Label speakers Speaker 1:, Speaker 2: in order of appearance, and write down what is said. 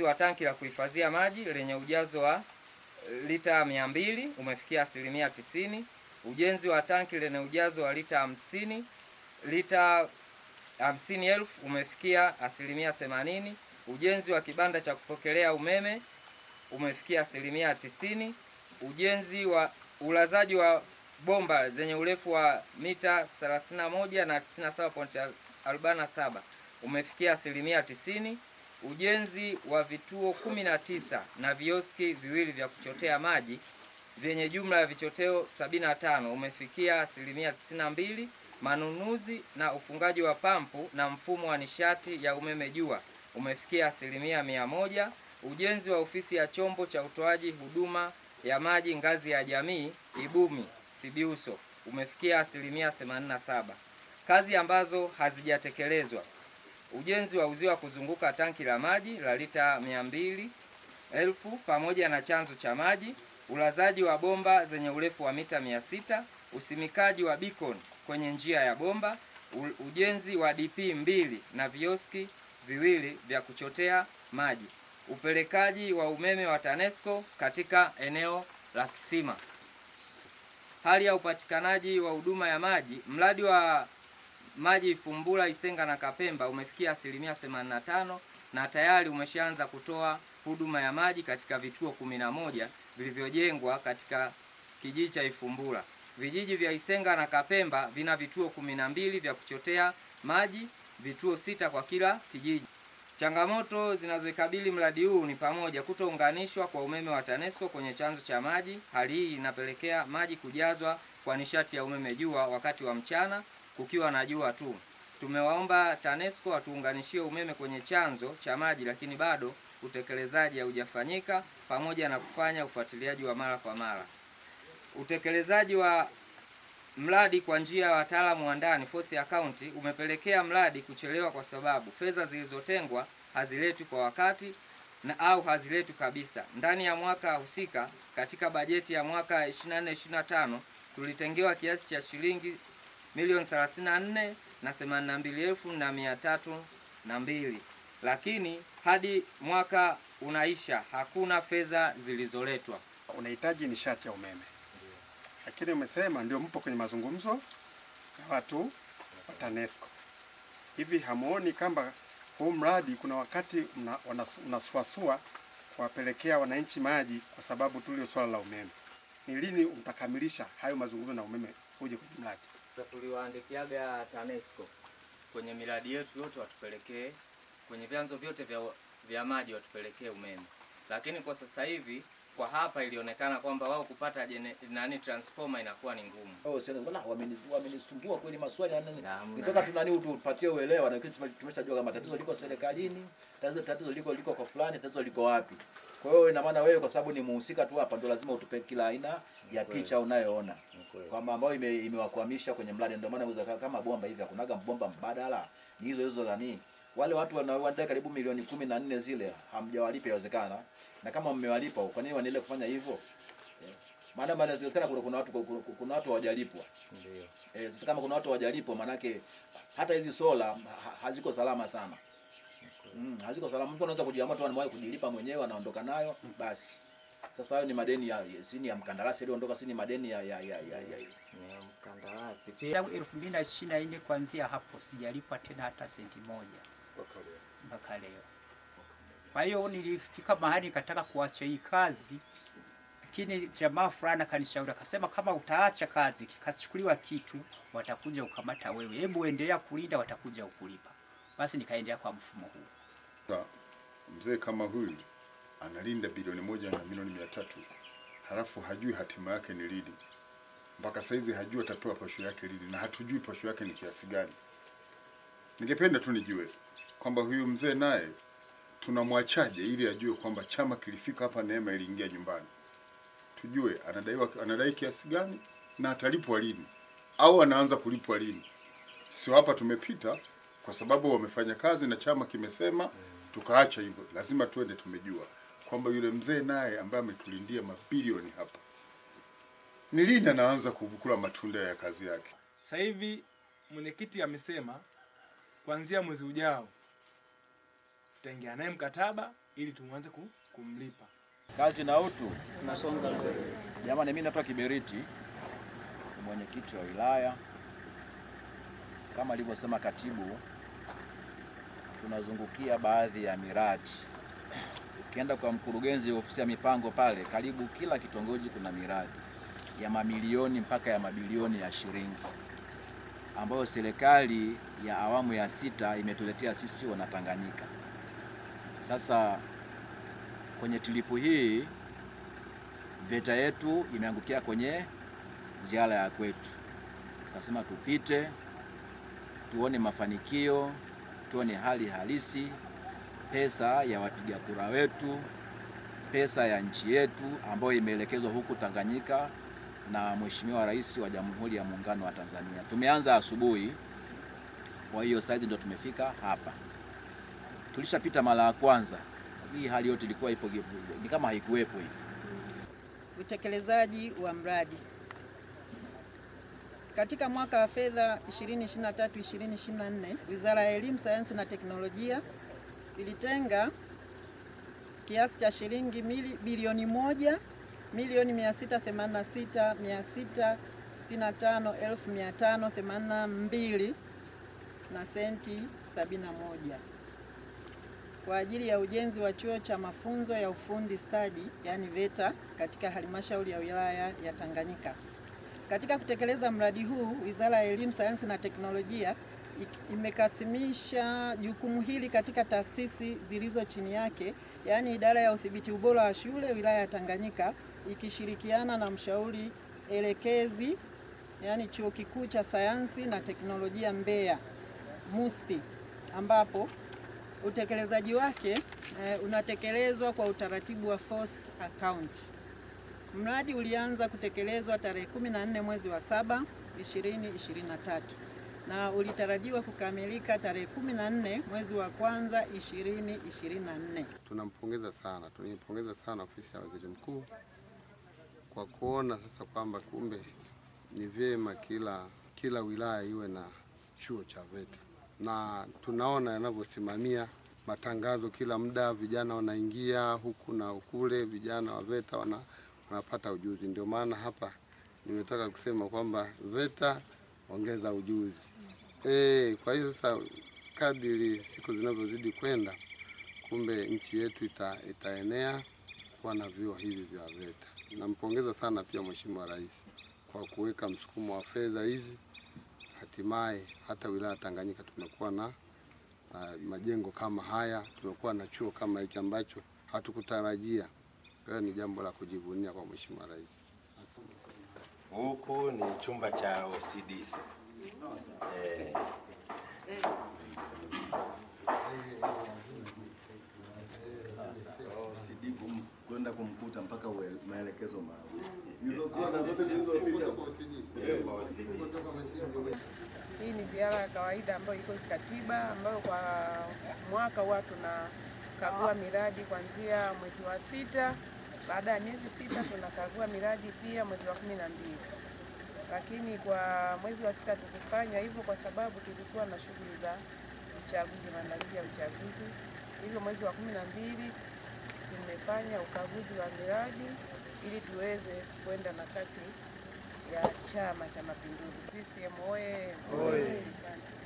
Speaker 1: wa tanki la kuhifadhia maji lenye ujazo wa lita mia mbili umefikia asilimia tisini. Ujenzi wa tanki lenye ujazo wa lita hamsini lita hamsini elfu umefikia asilimia themanini. Ujenzi wa kibanda cha kupokelea umeme umefikia asilimia tisini. Ujenzi wa ulazaji wa bomba zenye urefu wa mita 31 na 97.47 umefikia asilimia tisini ujenzi wa vituo 19 na vioski viwili vya kuchotea maji vyenye jumla ya vichoteo 75 umefikia asilimia 92, manunuzi na ufungaji wa pampu na mfumo wa nishati ya umeme jua umefikia asilimia mia moja. Ujenzi wa ofisi ya chombo cha utoaji huduma ya maji ngazi ya jamii IBUMI Sibiuso umefikia asilimia 87. Kazi ambazo hazijatekelezwa ujenzi wa uzio wa kuzunguka tanki la maji la lita mia mbili elfu pamoja na chanzo cha maji, ulazaji wa bomba zenye urefu wa mita mia sita, usimikaji wa beacon kwenye njia ya bomba, ujenzi wa DP mbili na vioski viwili vya kuchotea maji, upelekaji wa umeme wa TANESCO katika eneo la kisima. Hali ya upatikanaji wa huduma ya maji, mradi wa maji Ifumbula, Isenga na Kapemba umefikia asilimia 85 na tayari umeshaanza kutoa huduma ya maji katika vituo kumi moja vilivyojengwa katika kijiji cha Ifumbula. Vijiji vya Isenga na Kapemba vina vituo kumi mbili vya kuchotea maji, vituo sita kwa kila kijiji. Changamoto zinazoikabili mradi huu ni pamoja kutounganishwa kwa umeme wa TANESCO kwenye chanzo cha maji. Hali hii inapelekea maji kujazwa kwa nishati ya umeme jua wakati wa mchana kukiwa na jua tu. Tumewaomba TANESCO watuunganishie umeme kwenye chanzo cha maji, lakini bado utekelezaji haujafanyika pamoja na kufanya ufuatiliaji wa mara kwa mara. Utekelezaji wa mradi kwa njia ya wataalamu wa ndani force account umepelekea mradi kuchelewa kwa sababu fedha zilizotengwa haziletwi kwa wakati na au haziletwi kabisa. Ndani ya mwaka husika, katika bajeti ya mwaka 24 25 tulitengewa kiasi cha shilingi milioni 34 na mbili elfu na mia tatu na mbili, lakini hadi mwaka unaisha hakuna fedha zilizoletwa.
Speaker 2: Unahitaji nishati ya umeme yeah. Lakini umesema ndio mpo kwenye mazungumzo ya watu wa TANESCO. Hivi hamuoni kwamba huu mradi kuna wakati unasuasua kuwapelekea wananchi maji kwa sababu tulio swala la umeme? Ni lini utakamilisha hayo mazungumzo na umeme uje kwenye mradi?
Speaker 3: tuliwaandikiaga TANESCO kwenye miradi yetu yote watupelekee kwenye vyanzo vyote vya, vya maji watupelekee umeme, lakini kwa sasa hivi kwa hapa ilionekana kwamba wao kupata jene, nani transformer inakuwa ni ngumu.
Speaker 4: Oh, sasa mbona wamenisumbua kweli maswali yani tu nani utupatie uelewa na kitu tumeshajua kama tatizo liko serikalini, tatizo tatizo liko liko kwa fulani, tatizo liko wapi. Kwa hiyo ina maana wewe kwa sababu ni muhusika tu hapa ndio lazima utupe kila aina ya picha unayoona kwamba ambayo imewakwamisha ime kwenye mradi. Ndio maana kama bomba hivi hakunaga bomba mbadala, ni hizo hizo nani wale watu wanaoandaa karibu milioni kumi na nne zile hamjawalipa, yawezekana. Na kama mmewalipa, kwa nini wanaendelea kufanya hivyo? Eh, maana maana inawezekana kuna kuna watu kuna watu hawajalipwa. Ndio. Eh, sasa kama kuna watu hawajalipwa, maanake hata hizi sola haziko salama sana. Okay. Mm, haziko salama. Mtu anaweza kujiamua tu, anawahi kujilipa mwenyewe, anaondoka nayo mm. basi. Sasa hayo ni madeni ya sini ya mkandarasi aliondoka, sini madeni ya ya ya ya ya
Speaker 5: mkandarasi. Pia 2024 kuanzia hapo sijalipa tena hata senti moja mpaka leo. Kwa hiyo nilifika mahali nikataka kuacha hii kazi, lakini jamaa fulani akanishauri akasema, kama utaacha kazi kikachukuliwa kitu, watakuja ukamata wewe, hebu endelea kulinda, watakuja ukulipa. Basi nikaendelea kwa mfumo huu.
Speaker 6: Mzee kama huyu analinda bilioni moja na milioni mia tatu halafu hajui hatima yake ni lini. Mpaka hivi hajui atapewa posho yake lini, na hatujui posho yake ni kiasi gani. Ningependa tu nijue kwamba huyu mzee naye tunamwachaje ili ajue kwamba chama kilifika hapa, neema iliingia nyumbani. Tujue anadaiwa, anadai kiasi gani na atalipwa lini, au anaanza kulipwa lini. Sio hapa tumepita kwa sababu wamefanya kazi na chama kimesema, tukaacha hivyo. Lazima tuende, tumejua kwamba yule mzee naye ambaye ametulindia mabilioni hapa ni lini anaanza kuvukula matunda ya kazi yake?
Speaker 7: Sasa hivi mwenyekiti amesema kuanzia mwezi ujao tutaingia naye mkataba ili tuanze kumlipa.
Speaker 8: Kazi na utu tunasonga mbele. Jamani, mimi natoa kiberiti mwenyekiti wa wilaya, kama alivyosema katibu, tunazungukia baadhi ya miradi Ukienda kwa mkurugenzi ofisi ya mipango pale, karibu kila kitongoji kuna miradi ya mamilioni mpaka ya mabilioni ya shilingi ambayo serikali ya awamu ya sita imetuletea sisi Wanatanganyika. Sasa kwenye tulipu hii VETA yetu imeangukia kwenye ziara ya kwetu, tukasema tupite tuone mafanikio, tuone hali halisi pesa ya wapiga kura wetu, pesa ya nchi yetu ambayo imeelekezwa huku Tanganyika na Mheshimiwa Rais wa Jamhuri ya Muungano wa Tanzania. Tumeanza asubuhi, kwa hiyo saizi ndo tumefika hapa. Tulishapita mara ya kwanza, hii hali yote ilikuwa ipo, ni kama haikuwepo hivi.
Speaker 9: Utekelezaji wa mradi katika mwaka wa fedha 2023-2024, Wizara ya Elimu, Sayansi na Teknolojia ilitenga kiasi cha shilingi bilioni moja milioni 686,665,582 na senti 71 kwa ajili ya ujenzi wa chuo cha mafunzo ya ufundi stadi yani VETA katika halmashauri ya wilaya ya Tanganyika. Katika kutekeleza mradi huu, Wizara ya Elimu, Sayansi na Teknolojia imekasimisha jukumu hili katika taasisi zilizo chini yake, yaani idara ya udhibiti ubora wa shule wilaya ya Tanganyika ikishirikiana na mshauri elekezi yaani chuo kikuu cha sayansi na teknolojia Mbeya musti ambapo utekelezaji wake e, unatekelezwa kwa utaratibu wa force account. Mradi ulianza kutekelezwa tarehe 14 mwezi wa 7 2023 na ulitarajiwa kukamilika tarehe kumi na nne mwezi wa kwanza ishirini ishirini na nne.
Speaker 10: Tunampongeza sana, tunaipongeza sana ofisi ya waziri mkuu kwa kuona sasa kwamba kumbe ni vyema kila kila wilaya iwe na chuo cha VETA na tunaona yanavyosimamia matangazo kila muda, vijana wanaingia huku na ukule, vijana wa VETA wana, wanapata ujuzi. Ndio maana hapa nimetaka kusema kwamba VETA ongeza ujuzi eh. Kwa hiyo sasa, kadiri siku zinavyozidi kwenda, kumbe nchi yetu ita, itaenea kuwa na vyuo hivi vya VETA. Nampongeza sana pia Mheshimiwa Rais kwa kuweka msukumo wa fedha hizi, hatimaye hata wilaya Tanganyika tumekuwa na na majengo kama haya, tumekuwa na chuo kama hiki ambacho hatukutarajia. Kwa hiyo ni jambo la kujivunia kwa Mheshimiwa Rais.
Speaker 11: Huku ni chumba cha OCD. OCD
Speaker 12: kwenda kumkuta mpaka maelekezo Hii ni ziara ya kawaida ambayo iko kikatiba ambayo kwa mwaka huwa tunakagua miradi kuanzia mwezi wa sita baada ya miezi sita tunakagua miradi pia mwezi wa kumi na mbili, lakini kwa mwezi wa sita tukufanya hivyo kwa sababu tulikuwa na shughuli za uchaguzi, maandalizi ya uchaguzi. Hivyo mwezi wa kumi na mbili tumefanya ukaguzi wa miradi ili tuweze kwenda na kasi ya Chama cha Mapinduzi. CCM e. oye!